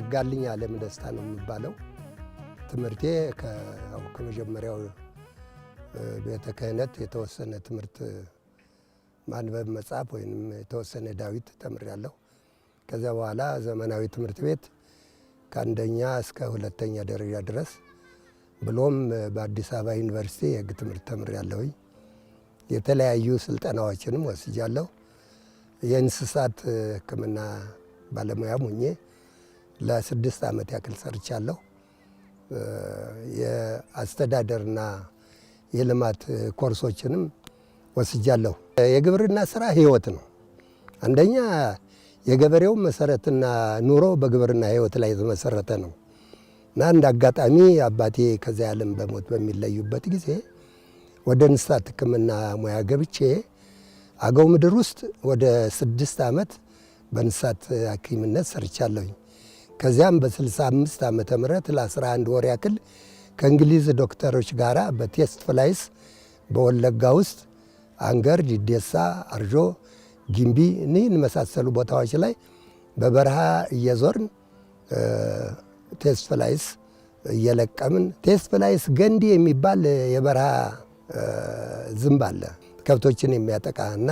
ነጋልኝ አለም ደስታ ነው የሚባለው። ትምህርቴ ከመጀመሪያው ቤተ ክህነት የተወሰነ ትምህርት ማንበብ መጽሐፍ ወይም የተወሰነ ዳዊት ተምሬያለሁ። ከዚያ በኋላ ዘመናዊ ትምህርት ቤት ከአንደኛ እስከ ሁለተኛ ደረጃ ድረስ ብሎም በአዲስ አበባ ዩኒቨርሲቲ የሕግ ትምህርት ተምሬያለሁኝ። የተለያዩ ስልጠናዎችንም ወስጃለሁ። የእንስሳት ሕክምና ባለሙያም ሁኜ ለስድስት ዓመት ያክል ሰርቻለሁ። የአስተዳደርና የልማት ኮርሶችንም ወስጃለሁ። የግብርና ስራ ህይወት ነው። አንደኛ የገበሬው መሰረትና ኑሮ በግብርና ህይወት ላይ የተመሰረተ ነው እና እንደ አጋጣሚ አባቴ ከዚያ ዓለም በሞት በሚለዩበት ጊዜ ወደ እንስሳት ሕክምና ሙያ ገብቼ አገው ምድር ውስጥ ወደ ስድስት ዓመት በእንስሳት ሐኪምነት ሰርቻለሁኝ። ከዚያም በ65 ዓ ም ለ11 ወር ያክል ከእንግሊዝ ዶክተሮች ጋር በቴስት ፍላይስ በወለጋ ውስጥ አንገር፣ ዲዴሳ፣ አርጆ፣ ጊምቢ እኒህን መሳሰሉ ቦታዎች ላይ በበረሃ እየዞርን ቴስት ፍላይስ እየለቀምን ቴስት ፍላይስ ገንዲ የሚባል የበረሃ ዝንብ አለ ከብቶችን የሚያጠቃ እና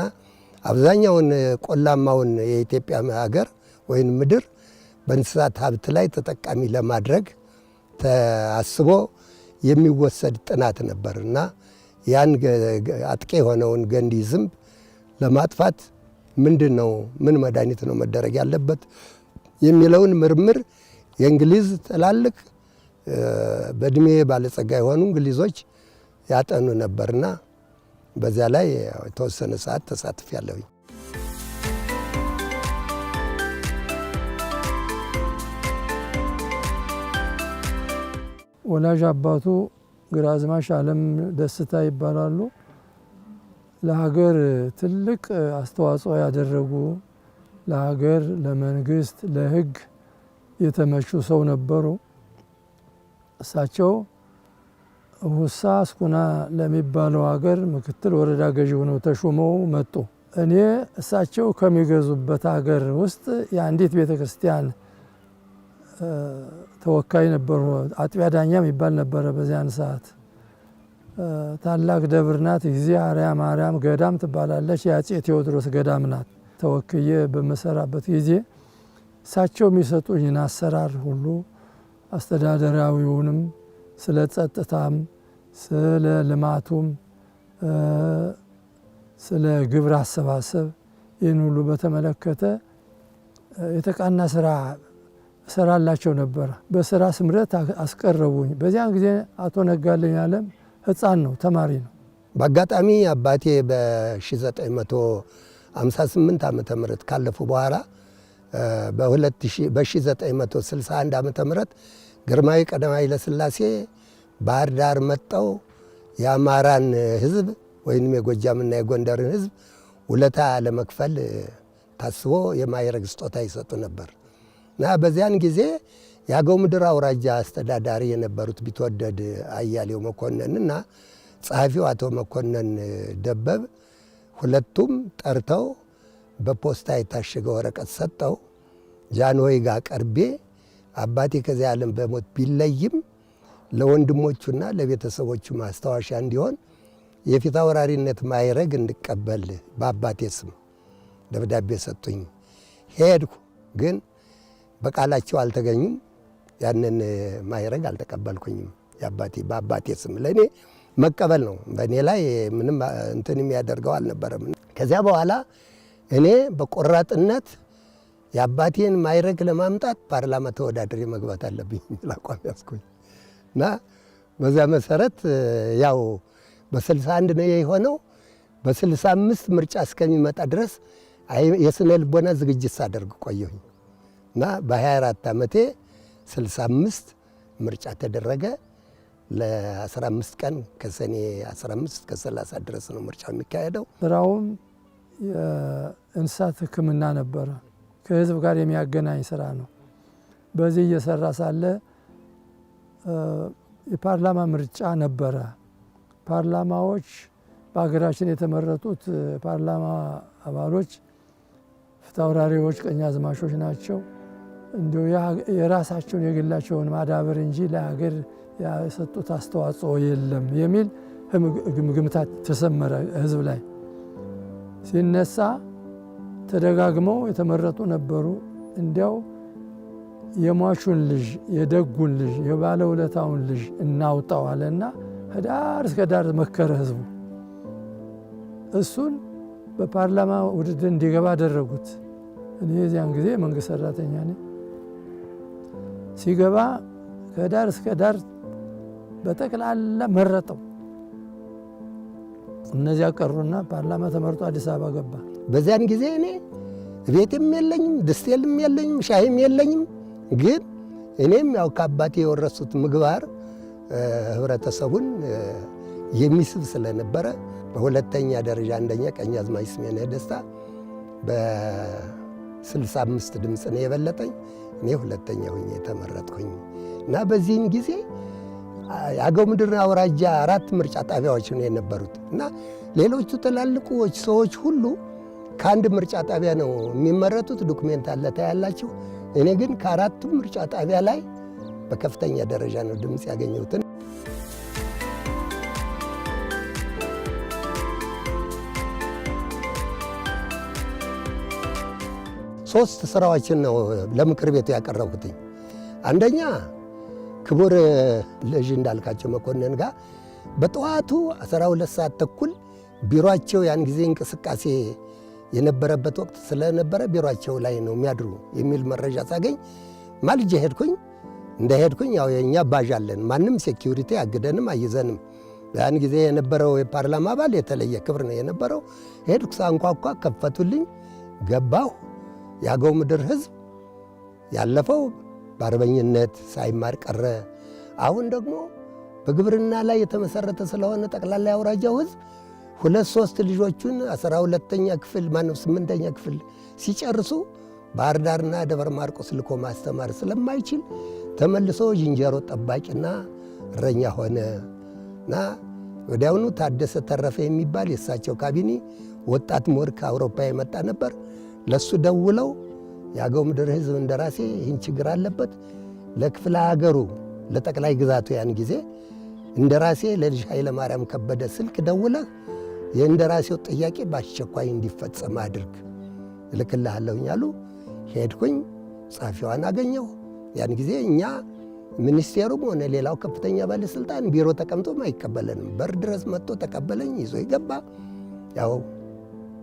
አብዛኛውን ቆላማውን የኢትዮጵያ ሀገር ወይም ምድር በእንስሳት ሀብት ላይ ተጠቃሚ ለማድረግ ተአስቦ የሚወሰድ ጥናት ነበር እና ያን አጥቂ የሆነውን ገንዲ ዝንብ ለማጥፋት ምንድን ነው ምን መድኃኒት ነው መደረግ ያለበት የሚለውን ምርምር የእንግሊዝ ትላልቅ በእድሜ ባለጸጋ የሆኑ እንግሊዞች ያጠኑ ነበርና በዚያ ላይ የተወሰነ ሰዓት ተሳትፍ ያለሁኝ ወላጅ አባቱ ግራዝማች አለም ደስታ ይባላሉ። ለሀገር ትልቅ አስተዋጽኦ ያደረጉ ለሀገር፣ ለመንግስት፣ ለህግ የተመቹ ሰው ነበሩ። እሳቸው ሁሳ አስኩና ለሚባለው ሀገር ምክትል ወረዳ ገዢ ሆነው ተሾመው መጡ። እኔ እሳቸው ከሚገዙበት ሀገር ውስጥ የአንዲት ቤተ ክርስቲያን ተወካይ ነበሩ። አጥቢያ ዳኛ የሚባል ነበረ በዚያን ሰዓት። ታላቅ ደብር ናት። ጊዜ አርያ ማርያም ገዳም ትባላለች። የአፄ ቴዎድሮስ ገዳም ናት። ተወክዬ በምሰራበት ጊዜ እሳቸው የሚሰጡኝን አሰራር ሁሉ አስተዳደራዊውንም፣ ስለ ጸጥታም፣ ስለ ልማቱም፣ ስለ ግብር አሰባሰብ ይህን ሁሉ በተመለከተ የተቃና ስራ ሰራላቸው ነበረ። በስራ ስምረት አስቀረቡኝ። በዚያን ጊዜ አቶ ነጋልኝ አለም ህፃን ነው፣ ተማሪ ነው። በአጋጣሚ አባቴ በ1958 ዓ ም ካለፉ በኋላ በ1961 ዓ ም ግርማዊ ቀዳማዊ ኃይለሥላሴ ባህር ዳር መጠው የአማራን ህዝብ ወይም የጎጃምና የጎንደርን ህዝብ ውለታ ለመክፈል ታስቦ የማይረግ ስጦታ ይሰጡ ነበር። እና በዚያን ጊዜ የአገው ምድር አውራጃ አስተዳዳሪ የነበሩት ቢትወደድ አያሌው መኮንንና ጸሐፊው አቶ መኮንን ደበብ ሁለቱም ጠርተው በፖስታ የታሸገ ወረቀት ሰጠው። ጃንሆይ ጋር ቀርቤ አባቴ ከዚህ ዓለም በሞት ቢለይም ለወንድሞቹና ለቤተሰቦቹ ማስታወሻ እንዲሆን የፊት አውራሪነት ማይረግ እንድቀበል በአባቴ ስም ደብዳቤ ሰጡኝ። ሄድኩ ግን በቃላቸው አልተገኙም። ያንን ማይረግ አልተቀበልኩኝም። የአባቴ በአባቴ ስም ለእኔ መቀበል ነው። በእኔ ላይ ምንም እንትን የሚያደርገው አልነበረም። ከዚያ በኋላ እኔ በቆራጥነት የአባቴን ማይረግ ለማምጣት ፓርላማ ተወዳድሬ መግባት አለብኝ የሚል አቋም ያዝኩኝ እና በዚያ መሰረት ያው በ61 ነው የሆነው። በ65 ምርጫ እስከሚመጣ ድረስ የስነ ልቦና ዝግጅት ሳደርግ ቆየሁኝ። እና በ24 ዓመቴ 65 ምርጫ ተደረገ። ለ15 ቀን ከሰኔ 15 እስከ 30 ድረስ ነው ምርጫው የሚካሄደው። ስራውም የእንስሳት ሕክምና ነበረ። ከህዝብ ጋር የሚያገናኝ ስራ ነው። በዚህ እየሰራ ሳለ የፓርላማ ምርጫ ነበረ። ፓርላማዎች በሀገራችን የተመረጡት ፓርላማ አባሎች ፊታውራሪዎች፣ ቀኛዝማቾች ናቸው። እንዲ የራሳቸውን የግላቸውን ማዳበር እንጂ ለሀገር የሰጡት አስተዋጽኦ የለም የሚል ግምታት ተሰመረ ህዝብ ላይ። ሲነሳ ተደጋግመው የተመረጡ ነበሩ። እንዲያው የሟቹን ልጅ የደጉን ልጅ የባለውለታውን ልጅ እናውጣዋለ እና ከዳር እስከ ዳር መከረ ህዝቡ። እሱን በፓርላማ ውድድር እንዲገባ አደረጉት። እኔ የዚያን ጊዜ መንግስት ሰራተኛ ነኝ። ሲገባ ከዳር እስከ ዳር በጠቅላላ መረጠው። እነዚያ ቀሩና ፓርላማ ተመርጦ አዲስ አበባ ገባ። በዚያን ጊዜ እኔ ቤትም የለኝም፣ ድስቴልም የለኝም፣ ሻይም የለኝም። ግን እኔም ያው ከአባቴ የወረሱት ምግባር ህብረተሰቡን የሚስብ ስለነበረ በሁለተኛ ደረጃ አንደኛ ቀኛዝማች ስሜነህ ደስታ በ65 ድምፅ ነው የበለጠኝ። እኔ ሁለተኛ ሁኜ የተመረጥኩኝ እና በዚህን ጊዜ የአገው ምድር አውራጃ አራት ምርጫ ጣቢያዎች ነው የነበሩት እና ሌሎቹ ትላልቆች ሰዎች ሁሉ ከአንድ ምርጫ ጣቢያ ነው የሚመረጡት። ዶክሜንት አለ ታያላችሁ። እኔ ግን ከአራቱም ምርጫ ጣቢያ ላይ በከፍተኛ ደረጃ ነው ድምፅ ያገኘሁትን ሶስት ስራዎችን ነው ለምክር ቤቱ ያቀረብኩትኝ። አንደኛ ክቡር ልጅ እንዳልካቸው መኮንን ጋር በጠዋቱ 12 ሰዓት ተኩል ቢሮቸው ያን ጊዜ እንቅስቃሴ የነበረበት ወቅት ስለነበረ ቢሮቸው ላይ ነው የሚያድሩ የሚል መረጃ ሳገኝ ማልጄ ሄድኩኝ። እንደሄድኩኝ ያው የእኛ ባዥ አለን፣ ማንም ሴኪሪቲ አግደንም አይዘንም። ያን ጊዜ የነበረው የፓርላማ አባል የተለየ ክብር ነው የነበረው። ሄድኩ፣ ሳንኳኳ ከፈቱልኝ፣ ገባሁ። የአገው ምድር ህዝብ ያለፈው በአርበኝነት ሳይማር ቀረ። አሁን ደግሞ በግብርና ላይ የተመሰረተ ስለሆነ ጠቅላላ አውራጃው ህዝብ ሁለት ሶስት ልጆቹን አስራ ሁለተኛ ክፍል ማንም ስምንተኛ ክፍል ሲጨርሱ ባህር ዳርና ደብረ ማርቆስ ልኮ ማስተማር ስለማይችል ተመልሶ ዝንጀሮ ጠባቂና እረኛ ሆነ እና ወዲያውኑ ታደሰ ተረፈ የሚባል የእሳቸው ካቢኔ ወጣት ምሁር ከአውሮፓ የመጣ ነበር። ለሱ ደውለው የአገው ምድር ህዝብ እንደራሴ ይህን ችግር አለበት ለክፍለ ሀገሩ ለጠቅላይ ግዛቱ ያን ጊዜ እንደራሴ ለልጅ ኃይለ ማርያም ከበደ ስልክ ደውለህ የእንደራሴው ጥያቄ በአስቸኳይ እንዲፈጸም አድርግ እልክልሃለሁኝ አሉ። ሄድኩኝ፣ ጻፊዋን አገኘሁ። ያን ጊዜ እኛ ሚኒስቴሩም ሆነ ሌላው ከፍተኛ ባለሥልጣን ቢሮ ተቀምጦም አይቀበለንም። በር ድረስ መጥቶ ተቀበለኝ፣ ይዞ ይገባ ያው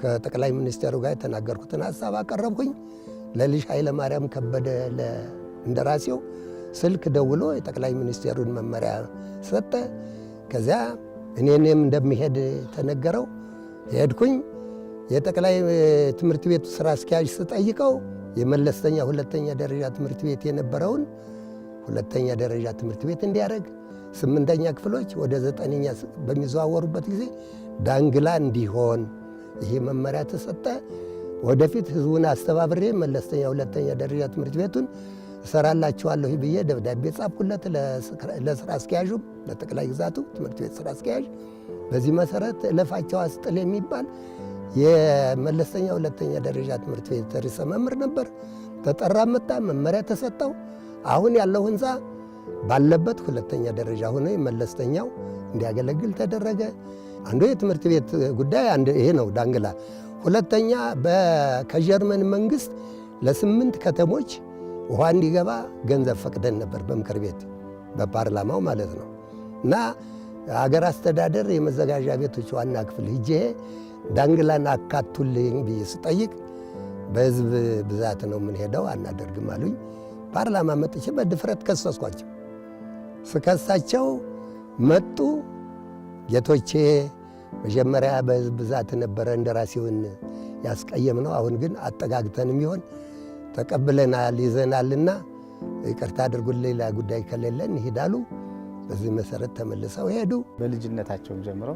ከጠቅላይ ሚኒስትሩ ጋር የተናገርኩትን ሀሳብ አቀረብኩኝ። ለልጅ ኃይለ ማርያም ከበደ እንደራሴው ስልክ ደውሎ የጠቅላይ ሚኒስትሩን መመሪያ ሰጠ። ከዚያ እኔንም እንደሚሄድ ተነገረው። ሄድኩኝ። የጠቅላይ ትምህርት ቤቱ ስራ አስኪያጅ ስጠይቀው የመለስተኛ ሁለተኛ ደረጃ ትምህርት ቤት የነበረውን ሁለተኛ ደረጃ ትምህርት ቤት እንዲያደርግ ስምንተኛ ክፍሎች ወደ ዘጠነኛ በሚዘዋወሩበት ጊዜ ዳንግላ እንዲሆን ይሄ መመሪያ ተሰጠ። ወደፊት ህዝቡን አስተባብሬ መለስተኛ ሁለተኛ ደረጃ ትምህርት ቤቱን እሰራላችኋለሁ ብዬ ደብዳቤ ጻፍኩለት ለስራ አስኪያዡ፣ ለጠቅላይ ግዛቱ ትምህርት ቤት ስራ አስኪያዥ። በዚህ መሰረት እለፋቸው አስጥል የሚባል የመለስተኛ ሁለተኛ ደረጃ ትምህርት ቤት ርዕሰ መምህር ነበር። ተጠራ፣ መጣ፣ መመሪያ ተሰጠው። አሁን ያለው ህንፃ ባለበት ሁለተኛ ደረጃ ሆኖ መለስተኛው እንዲያገለግል ተደረገ። አንዱ የትምህርት ቤት ጉዳይ ይሄ ነው ዳንግላ። ሁለተኛ ከጀርመን መንግስት ለስምንት ከተሞች ውሃ እንዲገባ ገንዘብ ፈቅደን ነበር በምክር ቤት በፓርላማው ማለት ነው። እና አገር አስተዳደር የመዘጋጃ ቤቶች ዋና ክፍል ሂጄ ዳንግላን አካቱልኝ ብዬ ስጠይቅ በህዝብ ብዛት ነው የምንሄደው አናደርግም አሉኝ። ፓርላማ መጥቼ በድፍረት ከሰስኳቸው። ስከሳቸው መጡ። ጌቶቼ መጀመሪያ በህዝብ ብዛት ነበረ እንደራሴውን ያስቀየም ነው። አሁን ግን አጠጋግተንም ይሆን ተቀብለናል ይዘናልና ይቅርታ አድርጉን፣ ሌላ ጉዳይ ከሌለን ይሄዳሉ። በዚህ መሰረት ተመልሰው ሄዱ። በልጅነታቸውም ጀምሮ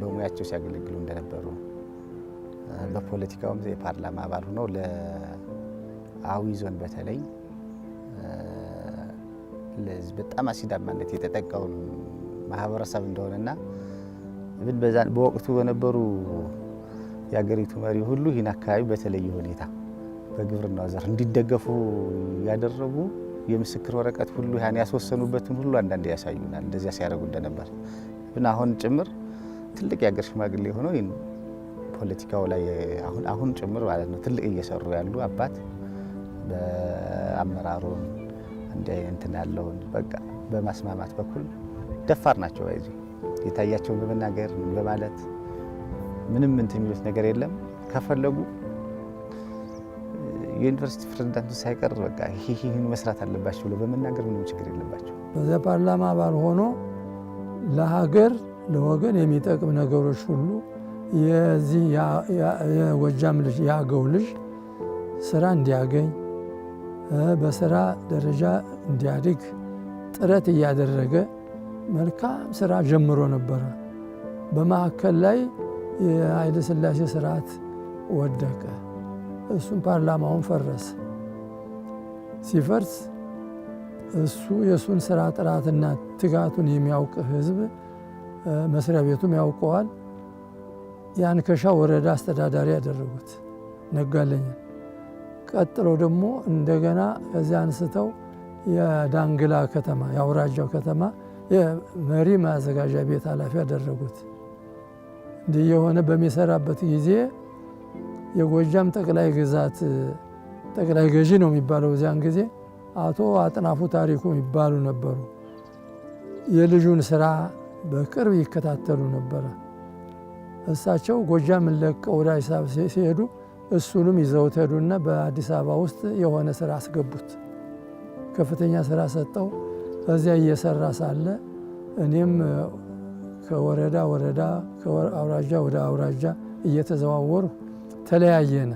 በሙያቸው ሲያገለግሉ እንደነበሩ በፖለቲካውም የፓርላማ አባል ሆነው ለአዊ ዞን በተለይ በጣም አሲዳማነት የተጠቃውን ማህበረሰብ እንደሆነና በወቅቱ በነበሩ የሀገሪቱ መሪ ሁሉ ይህን አካባቢ በተለየ ሁኔታ በግብርናው ዘርፍ እንዲደገፉ ያደረጉ የምስክር ወረቀት ሁሉ ያን ያስወሰኑበትን ሁሉ አንዳንድ ያሳዩናል። እንደዚያ ሲያደርጉ እንደነበር ግን አሁን ጭምር ትልቅ የአገር ሽማግሌ ሆነው ፖለቲካው ላይ አሁን ጭምር ማለት ነው ትልቅ እየሰሩ ያሉ አባት በአመራሩን እንትን ያለውን በቃ በማስማማት በኩል ደፋር ናቸው። ይዚ የታያቸውን በመናገር ምን በማለት ምንም ምንት የሚሉት ነገር የለም። ከፈለጉ የዩኒቨርሲቲ ፕሬዚዳንቱ ሳይቀር በቃ ይህን መስራት አለባቸው ብሎ በመናገር ምንም ችግር የለባቸው። ፓርላማ አባል ሆኖ ለሀገር ለወገን የሚጠቅም ነገሮች ሁሉ የዚህ የጎጃም ልጅ የአገው ልጅ ስራ እንዲያገኝ በስራ ደረጃ እንዲያድግ ጥረት እያደረገ መልካም ስራ ጀምሮ ነበረ። በማዕከል ላይ የኃይለ ሥላሴ ስርዓት ወደቀ። እሱም ፓርላማውን ፈረስ ሲፈርስ እሱ የእሱን ስራ ጥራትና ትጋቱን የሚያውቅ ህዝብ መስሪያ ቤቱም ያውቀዋል። የአንከሻ ወረዳ አስተዳዳሪ ያደረጉት ነጋለኛ፣ ቀጥሎ ደግሞ እንደገና ከዚያ አንስተው የዳንግላ ከተማ የአውራጃው ከተማ የመሪ ማዘጋጃ ቤት ኃላፊ ያደረጉት እንዲህ የሆነ በሚሰራበት ጊዜ የጎጃም ጠቅላይ ግዛት ጠቅላይ ገዢ ነው የሚባለው እዚያን ጊዜ አቶ አጥናፉ ታሪኩ የሚባሉ ነበሩ። የልጁን ስራ በቅርብ ይከታተሉ ነበረ። እሳቸው ጎጃምን ለቀው ወደ አዲስ አበባ ሲሄዱ እሱንም ይዘውት ሄዱና በአዲስ አበባ ውስጥ የሆነ ስራ አስገቡት። ከፍተኛ ስራ ሰጠው። በዚያ እየሰራ ሳለ እኔም ከወረዳ ወረዳ አውራጃ ወደ አውራጃ እየተዘዋወሩ ተለያየነ።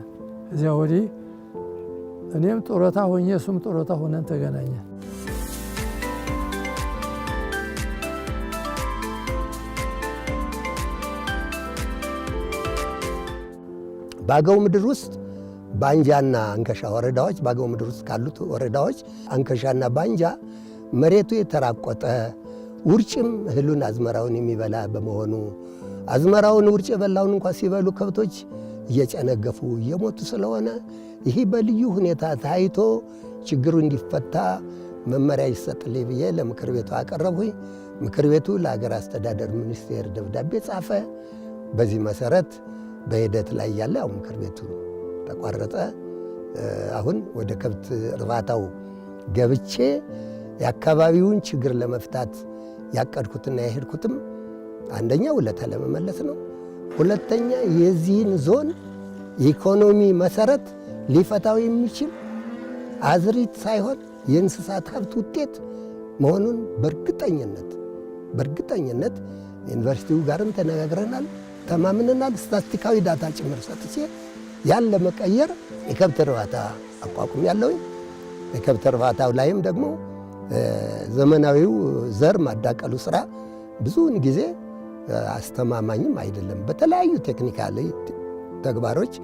እዚያ ወዲህ እኔም ጡረታ ሆኜ እሱም ጡረታ ሆነን ተገናኘን። በአገው ምድር ውስጥ ባንጃና አንከሻ ወረዳዎች በአገው ምድር ውስጥ ካሉት ወረዳዎች አንከሻና ባንጃ መሬቱ የተራቆጠ ውርጭም እህሉን አዝመራውን የሚበላ በመሆኑ አዝመራውን ውርጭ የበላውን እንኳ ሲበሉ ከብቶች እየጨነገፉ እየሞቱ ስለሆነ ይህ በልዩ ሁኔታ ታይቶ ችግሩ እንዲፈታ መመሪያ ይሰጥልኝ ብዬ ለምክር ቤቱ አቀረብሁኝ። ምክር ቤቱ ለሀገር አስተዳደር ሚኒስቴር ደብዳቤ ጻፈ። በዚህ መሰረት በሂደት ላይ ያለ ያው ምክር ቤቱ ተቋረጠ። አሁን ወደ ከብት እርባታው ገብቼ የአካባቢውን ችግር ለመፍታት ያቀድኩትና የሄድኩትም አንደኛ ውለታ ለመመለስ ነው። ሁለተኛ የዚህን ዞን ኢኮኖሚ መሰረት ሊፈታው የሚችል አዝሪት ሳይሆን የእንስሳት ሀብት ውጤት መሆኑን በእርግጠኝነት በእርግጠኝነት ዩኒቨርሲቲው ጋርም ተነጋግረናል፣ ተማምነናል። ስታስቲካዊ ዳታ ጭምር ሰጥቼ ያን ለመቀየር የከብት እርባታ አቋቁም ያለውኝ የከብት እርባታው ላይም ደግሞ ዘመናዊው ዘር ማዳቀሉ ስራ ብዙውን ጊዜ አስተማማኝም አይደለም። በተለያዩ ቴክኒካል ተግባሮች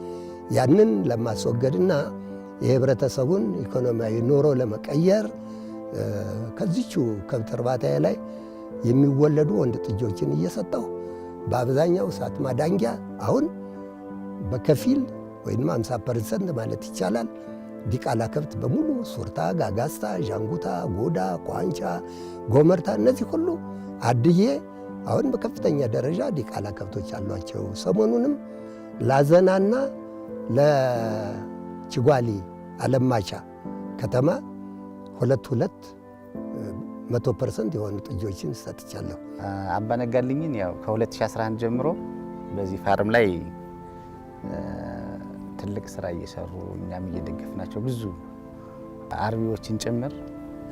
ያንን ለማስወገድና የህብረተሰቡን ኢኮኖሚያዊ ኑሮ ለመቀየር ከዚቹ ከብት እርባታ ላይ የሚወለዱ ወንድ ጥጆችን እየሰጠው በአብዛኛው ሳት ማዳንጊያ አሁን በከፊል ወይም 50 ፐርሰንት ማለት ይቻላል ዲቃላ ከብት በሙሉ ሱርታ፣ ጋጋስታ፣ ዣንጉታ፣ ጎዳ፣ ቋንጫ፣ ጎመርታ እነዚህ ሁሉ አድዬ አሁን በከፍተኛ ደረጃ ዲቃላ ከብቶች አሏቸው። ሰሞኑንም ላዘናና ለችጓሊ አለማቻ ከተማ ሁለት ሁለት መቶ ፐርሰንት የሆኑ ጥጆችን ሰጥቻለሁ። አባነጋልኝን ያው ከ2011 ጀምሮ በዚህ ፋርም ላይ ትልቅ ስራ እየሰሩ እኛም እየደገፍናቸው ብዙ አርቢዎችን ጭምር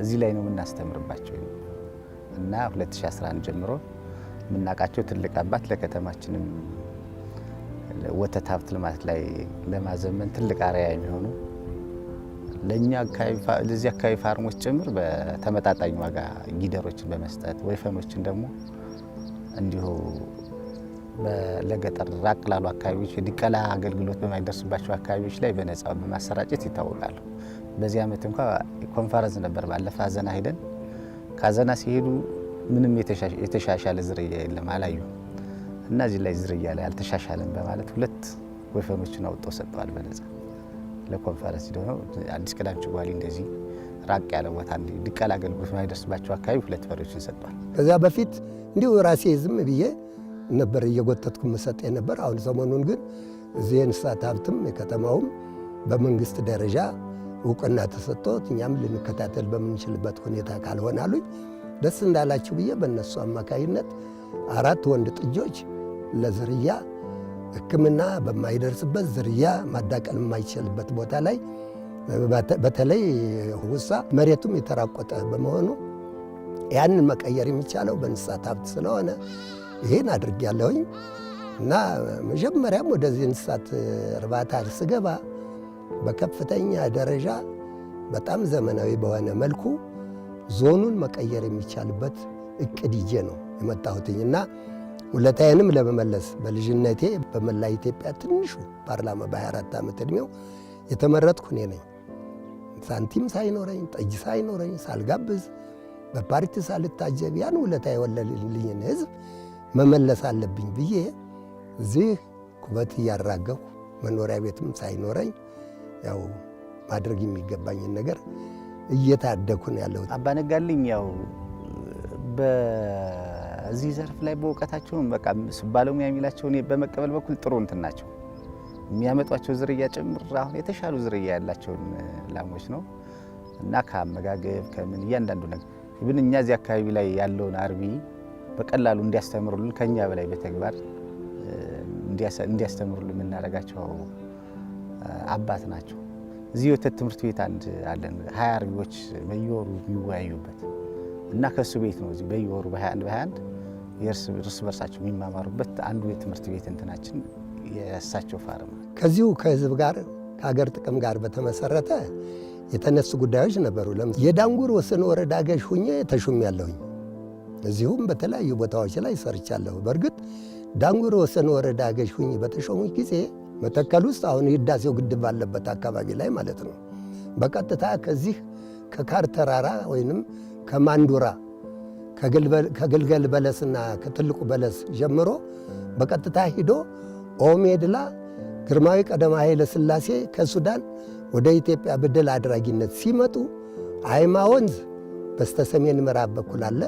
እዚህ ላይ ነው የምናስተምርባቸው እና 2011 ጀምሮ የምናውቃቸው ትልቅ አባት ለከተማችንም ወተት ሀብት ልማት ላይ ለማዘመን ትልቅ አርያ የሚሆኑ ለእኛ ለዚህ አካባቢ ፋርሞች ጭምር በተመጣጣኝ ዋጋ ጊደሮችን በመስጠት ወይፈኖችን ደግሞ እንዲሁ ለገጠር ራቅ ላሉ አካባቢዎች የድቀላ አገልግሎት በማይደርስባቸው አካባቢዎች ላይ በነፃ በማሰራጨት ይታወቃሉ። በዚህ ዓመት እንኳ ኮንፈረንስ ነበር ባለፈ አዘና ሄደን ከአዘና ሲሄዱ ምንም የተሻሻለ ዝርያ የለም አላዩ እና እዚህ ላይ ዝርያ ላይ አልተሻሻለም በማለት ሁለት ወይፈኖችን አውጥተው ሰጠዋል በነፃ ለኮንፈረንስ ደሆነ አዲስ ቅዳም ችጓሊ እንደዚህ ራቅ ያለ ቦታ ድቀላ አገልግሎት ማይደርስባቸው አካባቢ ሁለት በሬዎችን ሰጠዋል። ከዚያ በፊት እንዲሁ ራሴ ዝም ብዬ ነበር እየጎተትኩ መሰጥ ነበር። አሁን ሰሞኑን ግን እዚህ የእንስሳት ሀብትም የከተማውም በመንግስት ደረጃ እውቅና ተሰጥቶት እኛም ልንከታተል በምንችልበት ሁኔታ ካልሆናሉኝ ደስ እንዳላችሁ ብዬ በእነሱ አማካኝነት አራት ወንድ ጥጆች ለዝርያ ሕክምና በማይደርስበት ዝርያ ማዳቀል የማይችልበት ቦታ ላይ በተለይ ውሳ መሬቱም የተራቆጠ በመሆኑ ያንን መቀየር የሚቻለው በእንስሳት ሀብት ስለሆነ ይሄን ያለሁኝ እና መጀመሪያም ወደዚህ እንስሳት እርባታ ስገባ በከፍተኛ ደረጃ በጣም ዘመናዊ በሆነ መልኩ ዞኑን መቀየር የሚቻልበት እቅድ ይዤ ነው የመጣሁትኝ እና ውለታዬንም ለመመለስ በልጅነቴ በመላ ኢትዮጵያ ትንሹ ፓርላማ በ24 ዓመት ዕድሜው የተመረጥኩ እኔ ነኝ። ሳንቲም ሳይኖረኝ ጠጅ ሳይኖረኝ ሳልጋብዝ በፓርቲ ሳልታጀብ ያን ውለታ የወለልልኝን ህዝብ መመለስ አለብኝ ብዬ እዚህ ኩበት እያራገው መኖሪያ ቤትም ሳይኖረኝ ያው ማድረግ የሚገባኝን ነገር እየታደኩ ነው ያለው። አባነጋልኝ ነጋልኝ ያው በዚህ ዘርፍ ላይ በእውቀታቸውን በቃ ባለሙያ የሚላቸውን በመቀበል በኩል ጥሩ እንትን ናቸው። የሚያመጧቸው ዝርያ ጭምር አሁን የተሻሉ ዝርያ ያላቸውን ላሞች ነው እና ከአመጋገብ ከምን እያንዳንዱ ነገር ብን እኛ እዚህ አካባቢ ላይ ያለውን አርቢ በቀላሉ እንዲያስተምሩልን ከኛ በላይ በተግባር እንዲያስተምሩልን የምናደርጋቸው አባት ናቸው። እዚህ ወተት ትምህርት ቤት አንድ አለን ሀያ አርቢዎች በየወሩ የሚወያዩበት እና ከእሱ ቤት ነው። እዚህ በየወሩ በ21 በ21 የእርስ በርሳቸው የሚማማሩበት አንዱ የትምህርት ቤት እንትናችን የእሳቸው ፋርም ከዚሁ ከህዝብ ጋር ከሀገር ጥቅም ጋር በተመሰረተ የተነሱ ጉዳዮች ነበሩ። ለምሳሌ የዳንጉር ወሰን ወረዳ ገዥ ሁኜ ተሹም ያለሁኝ እዚሁም በተለያዩ ቦታዎች ላይ ሰርቻለሁ። በእርግጥ ዳንጉር ወሰን ወረዳ ገዥ ሁኝ በተሾሙኝ ጊዜ መተከል ውስጥ አሁን ህዳሴው ግድብ ባለበት አካባቢ ላይ ማለት ነው በቀጥታ ከዚህ ከካር ተራራ ወይንም ከማንዱራ ከግልገል በለስና ከትልቁ በለስ ጀምሮ በቀጥታ ሂዶ ኦሜድላ ግርማዊ ቀደማ ኃይለ ሥላሴ ከሱዳን ወደ ኢትዮጵያ በድል አድራጊነት ሲመጡ አይማ ወንዝ በስተሰሜን ምዕራብ በኩል አለ።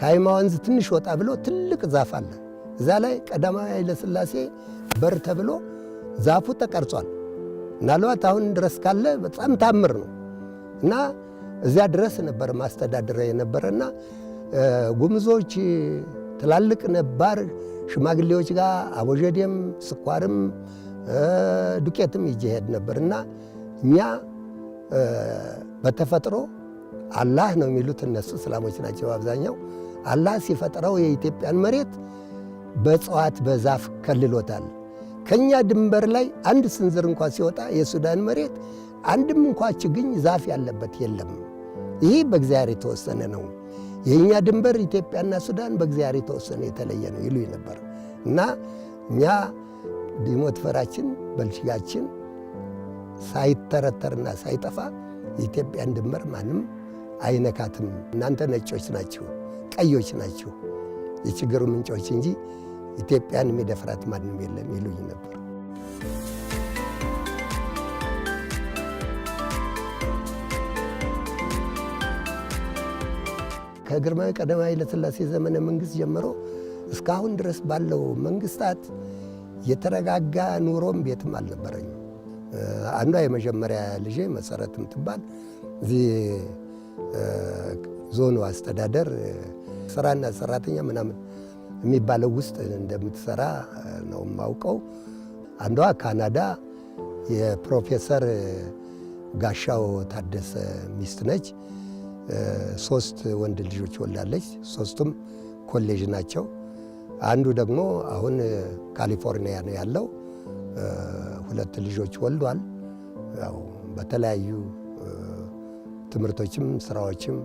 ከአይማ ወንዝ ትንሽ ወጣ ብሎ ትልቅ ዛፍ አለ። እዛ ላይ ቀዳማዊ ኃይለሥላሴ በር ተብሎ ዛፉ ተቀርጿል። ምናልባት አሁን ድረስ ካለ በጣም ታምር ነው እና እዚያ ድረስ ነበር ማስተዳደር የነበረና ጉምዞች ትላልቅ ነባር ሽማግሌዎች ጋር አቦዠዴም ስኳርም ዱቄትም ይጀሄድ ነበርና ነበር እና እኛ በተፈጥሮ አላህ ነው የሚሉት እነሱ እስላሞች ናቸው አብዛኛው። አላህ ሲፈጥረው የኢትዮጵያን መሬት በእጽዋት በዛፍ ከልሎታል። ከእኛ ድንበር ላይ አንድ ስንዝር እንኳ ሲወጣ የሱዳን መሬት አንድም እንኳ ችግኝ ዛፍ ያለበት የለም። ይህ በእግዚአብሔር የተወሰነ ነው። የእኛ ድንበር ኢትዮጵያና ሱዳን በእግዚአብሔር የተወሰነ የተለየ ነው ይሉ ነበር እና እኛ ዲሞት ፈራችን በልሽጋችን ሳይተረተርና ሳይጠፋ የኢትዮጵያን ድንበር ማንም አይነካትም። እናንተ ነጮች ናችሁ፣ ቀዮች ናችሁ የችግሩ ምንጮች እንጂ ኢትዮጵያን የሚደፍራት ማንም የለም ይሉኝ ነበር። ከግርማዊ ቀዳማዊ ኃይለሥላሴ ዘመነ መንግስት ጀምሮ እስካሁን ድረስ ባለው መንግስታት የተረጋጋ ኑሮም ቤትም አልነበረኝም። አንዷ የመጀመሪያ ልጄ መሰረት ትባል። እዚህ ዞኑ አስተዳደር ስራና ሰራተኛ ምናምን የሚባለው ውስጥ እንደምትሰራ ነው የማውቀው። አንዷ ካናዳ የፕሮፌሰር ጋሻው ታደሰ ሚስት ነች። ሶስት ወንድ ልጆች ወልዳለች። ሶስቱም ኮሌጅ ናቸው። አንዱ ደግሞ አሁን ካሊፎርኒያ ነው ያለው። ሁለት ልጆች ወልዷል። ያው በተለያዩ ትምህርቶችም ስራዎችም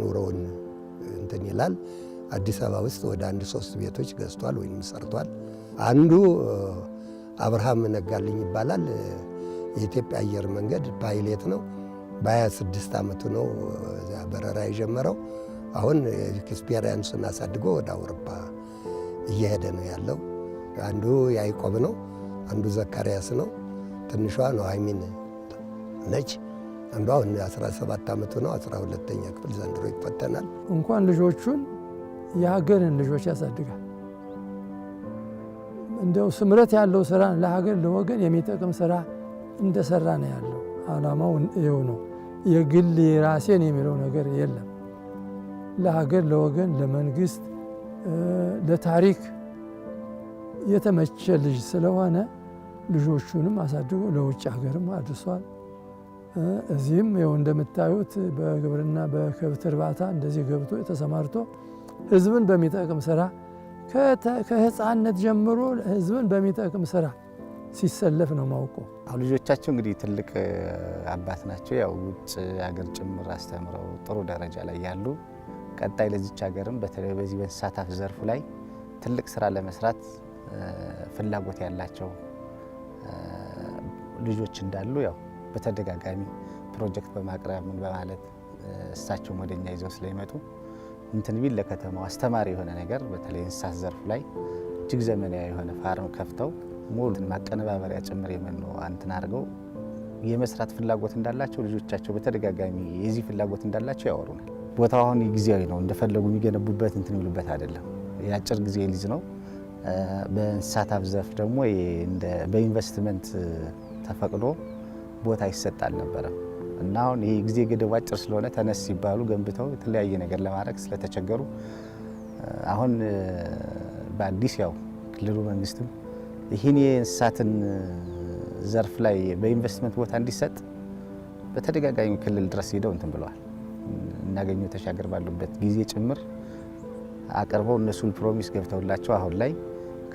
ኑሮውን እንትን ይላል። አዲስ አበባ ውስጥ ወደ አንድ ሶስት ቤቶች ገዝቷል ወይም ሰርቷል። አንዱ አብርሃም ነጋልኝ ይባላል። የኢትዮጵያ አየር መንገድ ፓይሌት ነው። በ26 ዓመቱ ነው በረራ የጀመረው። አሁን ኤክስፔሪያንሱን አሳድጎ ወደ አውሮፓ እየሄደ ነው ያለው። አንዱ ያዕቆብ ነው፣ አንዱ ዘካርያስ ነው። ትንሿ ኑሃሚን ነች። አንዱ አሁን 17 ዓመቱ ነው። 12ተኛ ክፍል ዘንድሮ ይፈተናል። እንኳን ልጆቹን የሀገርን ልጆች ያሳድጋል። እንደው ስምረት ያለው ስራ ለሀገር ለወገን የሚጠቅም ስራ እንደሰራ ነው ያለው። አላማው ይኸው ነው። የግል የራሴን የሚለው ነገር የለም። ለሀገር ለወገን፣ ለመንግስት፣ ለታሪክ የተመቸ ልጅ ስለሆነ ልጆቹንም አሳድጎ ለውጭ ሀገርም አድርሷል። እዚህም ይኸው እንደምታዩት በግብርና በከብት እርባታ እንደዚህ ገብቶ ተሰማርቶ ህዝብን በሚጠቅም ስራ ከህፃነት ጀምሮ ህዝብን በሚጠቅም ስራ ሲሰለፍ ነው ማውቆ። ልጆቻቸው እንግዲህ ትልቅ አባት ናቸው። ያው ውጭ ሀገር ጭምር አስተምረው ጥሩ ደረጃ ላይ ያሉ ቀጣይ ለዚች ሀገርም በተለይ በዚህ በእንስሳት ሀብት ዘርፉ ላይ ትልቅ ስራ ለመስራት ፍላጎት ያላቸው ልጆች እንዳሉ ያው በተደጋጋሚ ፕሮጀክት በማቅረብ ምን በማለት እሳቸውም ወደኛ ይዘው ስለሚመጡ እንትን ቢል ለከተማው አስተማሪ የሆነ ነገር በተለይ እንስሳት ዘርፍ ላይ እጅግ ዘመናዊ የሆነ ፋርም ከፍተው ሙሉ ማቀነባበሪያ ጭምር የመኖ እንትን አድርገው የመስራት ፍላጎት እንዳላቸው ልጆቻቸው በተደጋጋሚ የዚህ ፍላጎት እንዳላቸው ያወሩናል። ቦታው አሁን ጊዜያዊ ነው፣ እንደፈለጉ የሚገነቡበት እንትን ይሉበት አይደለም። የአጭር ጊዜ ሊዝ ነው። በእንስሳት አብዘፍ ዘርፍ ደግሞ በኢንቨስትመንት ተፈቅዶ ቦታ ይሰጣል ነበረ እና አሁን ይህ ጊዜ ገደቡ አጭር ስለሆነ ተነስ ሲባሉ ገንብተው የተለያየ ነገር ለማድረግ ስለተቸገሩ አሁን በአዲስ ያው ክልሉ መንግስትም ይህን የእንስሳትን ዘርፍ ላይ በኢንቨስትመንት ቦታ እንዲሰጥ በተደጋጋሚ ክልል ድረስ ሄደው እንትን ብለዋል። እናገኘው ተሻገር ባሉበት ጊዜ ጭምር አቅርበው እነሱን ፕሮሚስ ገብተውላቸው አሁን ላይ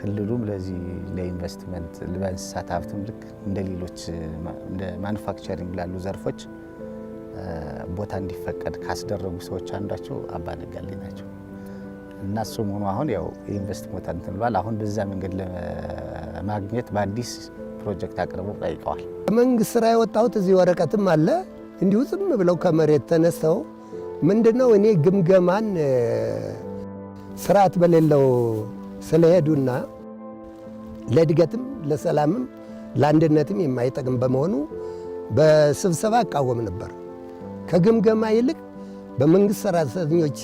ክልሉም ለዚህ ለኢንቨስትመንት በእንስሳት ሀብትም ልክ እንደ ሌሎች እንደ ማኑፋክቸሪንግ ላሉ ዘርፎች ቦታ እንዲፈቀድ ካስደረጉ ሰዎች አንዷቸው አባ ነጋሌ ናቸው እና እሱም ሆኖ አሁን ያው ኢንቨስት ቦታ እንትን አሁን በዛ መንገድ ለማግኘት በአዲስ ፕሮጀክት አቅርቦ ጠይቀዋል። ከመንግስት ስራ የወጣሁት እዚህ ወረቀትም አለ። እንዲሁ ዝም ብለው ከመሬት ተነስተው ምንድነው እኔ ግምገማን ስርዓት በሌለው ስለሄዱና ለእድገትም ለሰላምም ለአንድነትም የማይጠቅም በመሆኑ በስብሰባ አቃወም ነበር። ከግምገማ ይልቅ በመንግስት ሰራተኞች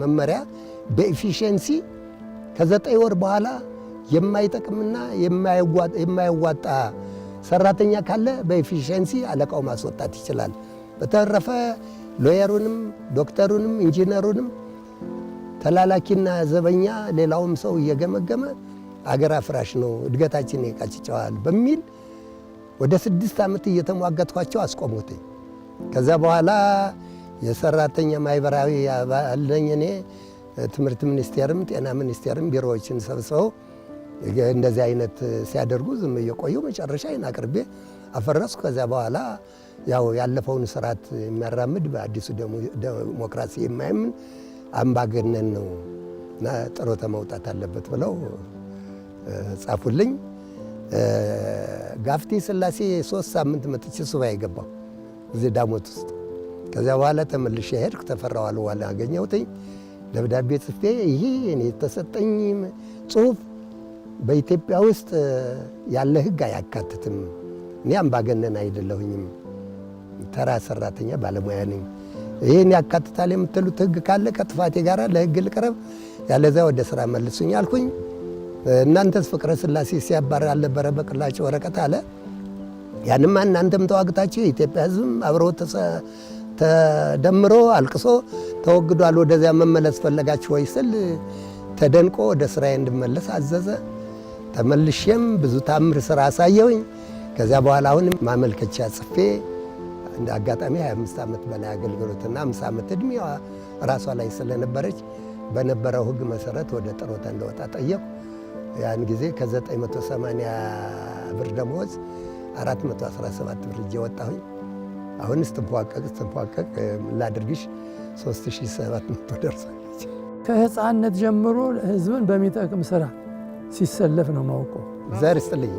መመሪያ በኢፊሽንሲ ከዘጠኝ ወር በኋላ የማይጠቅምና የማያዋጣ ሰራተኛ ካለ በኢፊሽንሲ አለቃው ማስወጣት ይችላል። በተረፈ ሎየሩንም ዶክተሩንም ኢንጂነሩንም ተላላኪና ዘበኛ ሌላውም ሰው እየገመገመ አገር አፍራሽ ነው፣ እድገታችን የቃጭጨዋል በሚል ወደ ስድስት ዓመት እየተሟገጥኳቸው አስቆሙትኝ። ከዛ በኋላ የሰራተኛ ማህበራዊ አባል ነኝ እኔ። ትምህርት ሚኒስቴርም ጤና ሚኒስቴርም ቢሮዎችን ሰብስበው እንደዚህ አይነት ሲያደርጉ ዝም እየቆዩ መጨረሻ ይህን አቅርቤ አፈረስኩ። ከዚያ በኋላ ያው ያለፈውን ስርዓት የሚያራምድ በአዲሱ ዴሞክራሲ የማይምን አምባገነን ነው እና ጥሮተ መውጣት አለበት ብለው ጻፉልኝ። ጋፍቲ ስላሴ ሶስት ሳምንት መጥቼ ሱባኤ ገባሁ እዚህ ዳሞት ውስጥ። ከዚያ በኋላ ተመልሼ ሄድኩ። ተፈራው አልዋል አገኘሁትኝ። ደብዳቤ ጽፌ ይሄ እኔ የተሰጠኝ ጽሁፍ በኢትዮጵያ ውስጥ ያለ ሕግ አያካትትም። እኔ አምባገነን አይደለሁኝም፣ ተራ ሰራተኛ ባለሙያ ነኝ። ይህን ያካትታል የምትሉት ህግ ካለ ከጥፋቴ ጋር ለህግ ልቅረብ፣ ያለዛ ወደ ስራ መልሱኝ አልኩኝ። እናንተስ ፍቅረ ስላሴ ሲያባር አልነበረ በቅላቸው ወረቀት አለ። ያንማ እናንተም ተዋግታችሁ የኢትዮጵያ ህዝብም አብሮ ተደምሮ አልቅሶ ተወግዷል። ወደዚያ መመለስ ፈለጋችሁ ወይ ስል ተደንቆ ወደ ስራዬ እንድመለስ አዘዘ። ተመልሼም ብዙ ታምር ስራ አሳየውኝ። ከዚያ በኋላ አሁንም ማመልከቻ ጽፌ እንደ አጋጣሚ 25 ዓመት በላይ አገልግሎትና 5 ዓመት እድሜዋ ራሷ ላይ ስለነበረች በነበረው ሕግ መሰረት ወደ ጥሮታ እንደወጣ ጠየቁ። ያን ጊዜ ከ980 ብር ደመወዝ 417 ብር እጄ ወጣሁኝ። አሁን ስትንፏቀቅ ስትንፏቀቅ ላድርግሽ 3700 ደርሳለች። ከህፃነት ጀምሮ ህዝብን በሚጠቅም ስራ ሲሰለፍ ነው ማውቀው። ዘር ይስጥልኝ።